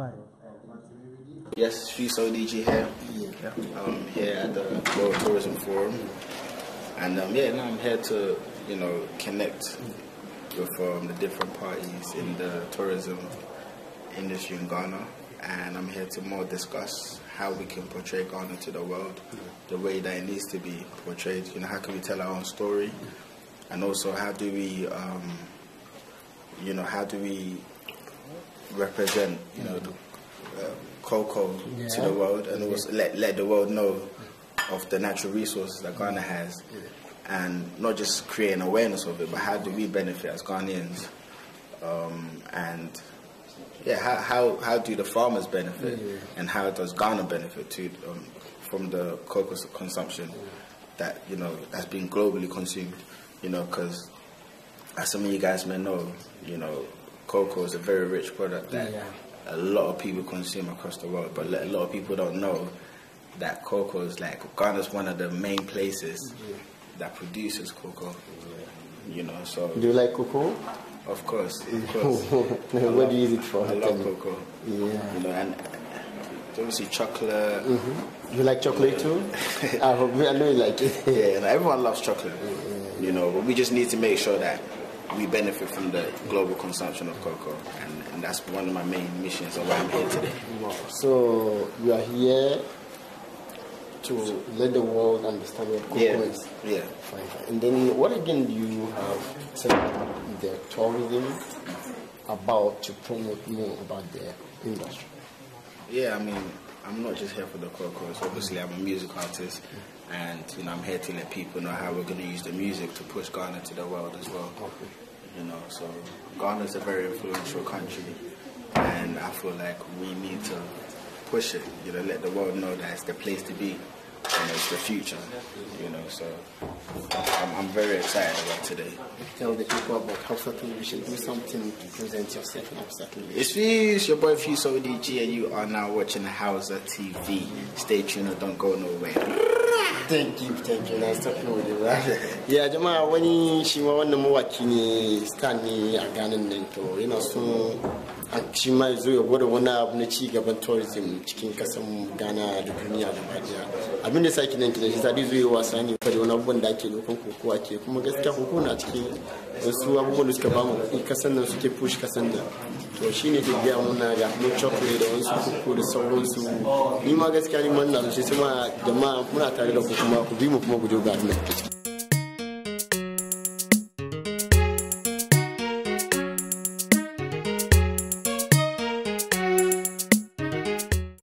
Why? Yes, she's ODG here. Yeah. Um, here at the World Tourism Forum, and um, yeah, now I'm here to you know connect with um, the different parties in the tourism industry in Ghana, and I'm here to more discuss how we can portray Ghana to the world the way that it needs to be portrayed. You know, how can we tell our own story, and also how do we, um, you know, how do we represent, you know, the um, cocoa yeah. to the world and also let, let the world know of the natural resources that Ghana mm. has and not just creating awareness of it, but how do we benefit as Ghanaians? Um, and yeah, how, how, how do the farmers benefit yeah. and how does Ghana benefit too um, from the cocoa consumption that, you know, has been globally consumed, you know, because as some of you guys may know, you know, cocoa is a very rich product that yeah. a lot of people consume across the world, but a lot of people don't know that cocoa is like Ghana's one of the main places yeah. that produces cocoa. Yeah. You know, so do you like cocoa? Of course, of course. what do you use it for? I love cocoa. Yeah, you know, and obviously chocolate. Mm -hmm. You like chocolate yeah. too? I hope I know you like it. yeah, everyone loves chocolate. You know, but we just need to make sure that we benefit from the global consumption of cocoa, and, and that's one of my main missions of why I'm here today. Wow. So you are here to let the world understand what cocoa yeah, is. Yeah. And then what again do you have said the tourism about to promote more about the industry? Yeah, I mean, I'm not just here for the crocos. Obviously, I'm a music artist, and you know, I'm here to let people know how we're going to use the music to push Ghana to the world as well. You know, so Ghana is a very influential country, and I feel like we need to push it. You know, let the world know that it's the place to be you know, it's the future, you know, so I'm, I'm, very excited about today. Tell the people about how certainly we should do something to present yourself in Hausa It's Fuse, your boy Fuse ODG, and you are now watching Hausa TV. Stay tuned or don't go nowhere. Thank you, thank you. Nice talking with you. Yeah, jama'a wani shi ma wannan mawaki ne star ne a ganin nan to yana so a shi ma ya zo ya gwada wani abu tourism cikin kasan Ghana da duniya da abin da sake nan kidan sadi zuwa wasa ne da wani abubuwan da ake nufin kokowa ke kuma gaskiya kokowa na cikin wasu abubuwan da suka ba mu kuɗi kasan nan suke push kasan nan to shi ne ke biya muna da mun chocolate da wasu kuku da sauransu ni ma gaskiya ni ma ina sosai sai ma jama'a muna tare da ku kuma ku bi mu kuma ku je ga abin da ciki